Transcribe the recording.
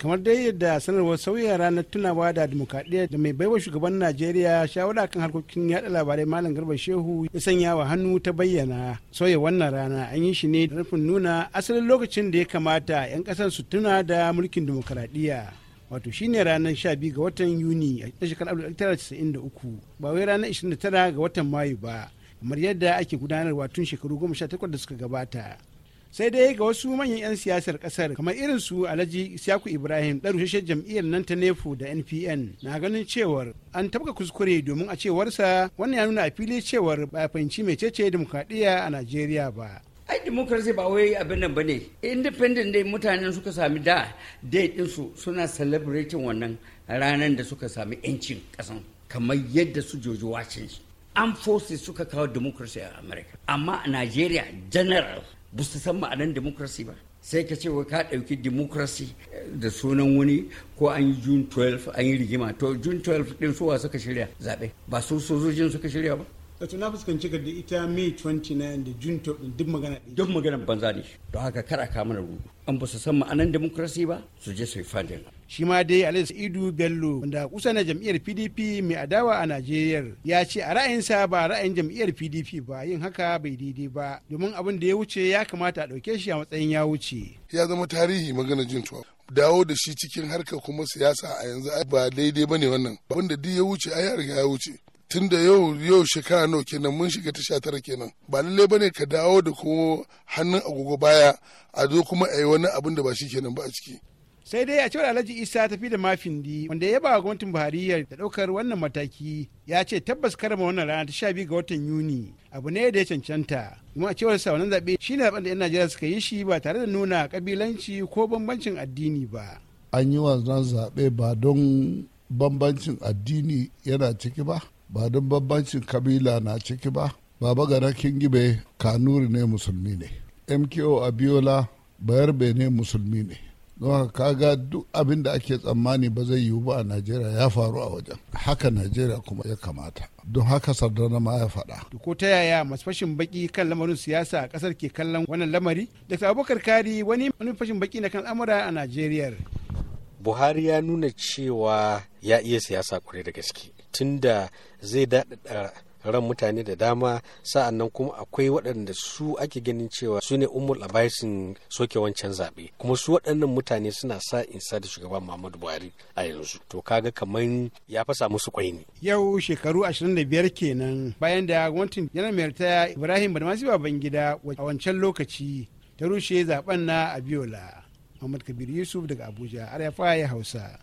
kamar dai yadda sanarwar sauya ranar tunawa da demokradiyya da mai baiwa shugaban najeriya shawara kan harkokin yada labarai malam garba shehu ya sanya wa hannu ta bayyana sauya wannan rana an yi shi ne da nufin nuna asalin lokacin da ya kamata 'yan kasar su tuna da mulkin demokradiyya wato shine ranar 12 ga watan yuni a shekarar 1993 ba wai ranar 29 ga watan mayu ba kamar yadda ake gudanarwa tun shekaru 18 da suka gabata sai dai ga wasu manyan 'yan siyasar kasar kamar irin su alhaji siyaku ibrahim da rushe jam'iyyar nan ta nefu da npn na ganin cewar an tabka kuskure domin a cewarsa wannan ya nuna a fili cewar ba fahimci mai cece demokradiyya a najeriya ba ai democracy ba wai abin nan bane independent dai mutanen suka sami da din su suna celebrating wannan ranar da suka sami 'yancin kasan kamar yadda su jojo washington armed forces suka kawo democracy a america amma a nigeria general ba su san ma'anan democracy ba sai ka ce wa ka ɗauki democracy eh, da sunan wani ko an yi june 12 an yi rigima to june 12 ɗin suwa suka shirya zaɓe ba su sojojin suka shirya ba wato na fuskanci ka da ita may 29 da june to duk magana din duk magana banza ne don haka kar a kama na rudu an ba su san ma'anan demokrasi ba su je su yi fadin shi ma dai Alhaji Idu Bello wanda kusa na jam'iyyar PDP mai adawa a Najeriya ya ce a ra'ayinsa ba ra'ayin jam'iyyar PDP ba yin haka bai daidai ba domin abin da ya wuce ya kamata a ɗauke shi a matsayin ya wuce ya zama tarihi magana jin tuwa dawo da shi cikin harkar kuma siyasa a yanzu ba daidai bane wannan abin da duk ya wuce a ya riga ya wuce tun da yau yau shekara nawa kenan mun shiga ta tara kenan ba lallai bane ka dawo da kuma hannun agogo baya a zo kuma a yi wani abin da ba shi kenan ba a ciki sai dai a cewar alhaji isa tafi da mafindi wanda ya ba gwamnatin buhari da daukar wannan mataki ya ce tabbas karama wannan rana ta sha biyu ga watan yuni abu ne da ya cancanta kuma a cewar sa wannan zaɓe shine zaɓen da yan najeriya suka yi shi ba tare da nuna kabilanci ko bambancin addini ba an yi wannan zaɓe ba don bambancin addini yana ciki ba ba don bambancin kabila na ciki ba baba gara kingibe kanuri ne musulmi ne mko abiola bayarbe ne musulmi ne don haka kaga duk abin da ake tsammani ba zai yiwu ba a najeriya ya faru a wajen haka najeriya kuma ya kamata don haka sardana ma ya faɗa. ko ta yaya masu fashin baki kan lamarin siyasa a ƙasar ke kallon wannan lamari dr abubakar kari wani fashin baki na kan al'amura a najeriya buhari ya nuna cewa ya iya siyasa kwarai da gaske tunda zai daɗaɗa ran mutane da dama sa'an kuma akwai waɗanda su ake ganin cewa su ne umar labaisin soke wancan zaɓe kuma su waɗannan mutane suna sa in sa da shugaban muhammadu buhari a yanzu to kaga kamar ya fasa musu kwai ne yau shekaru 25 kenan bayan da gwamnatin yana mai ibrahim masu babangida a wancan lokaci ta rushe zaben na abiola Muhammad Kabir Yusuf daga Abuja, Arafa ya Hausa.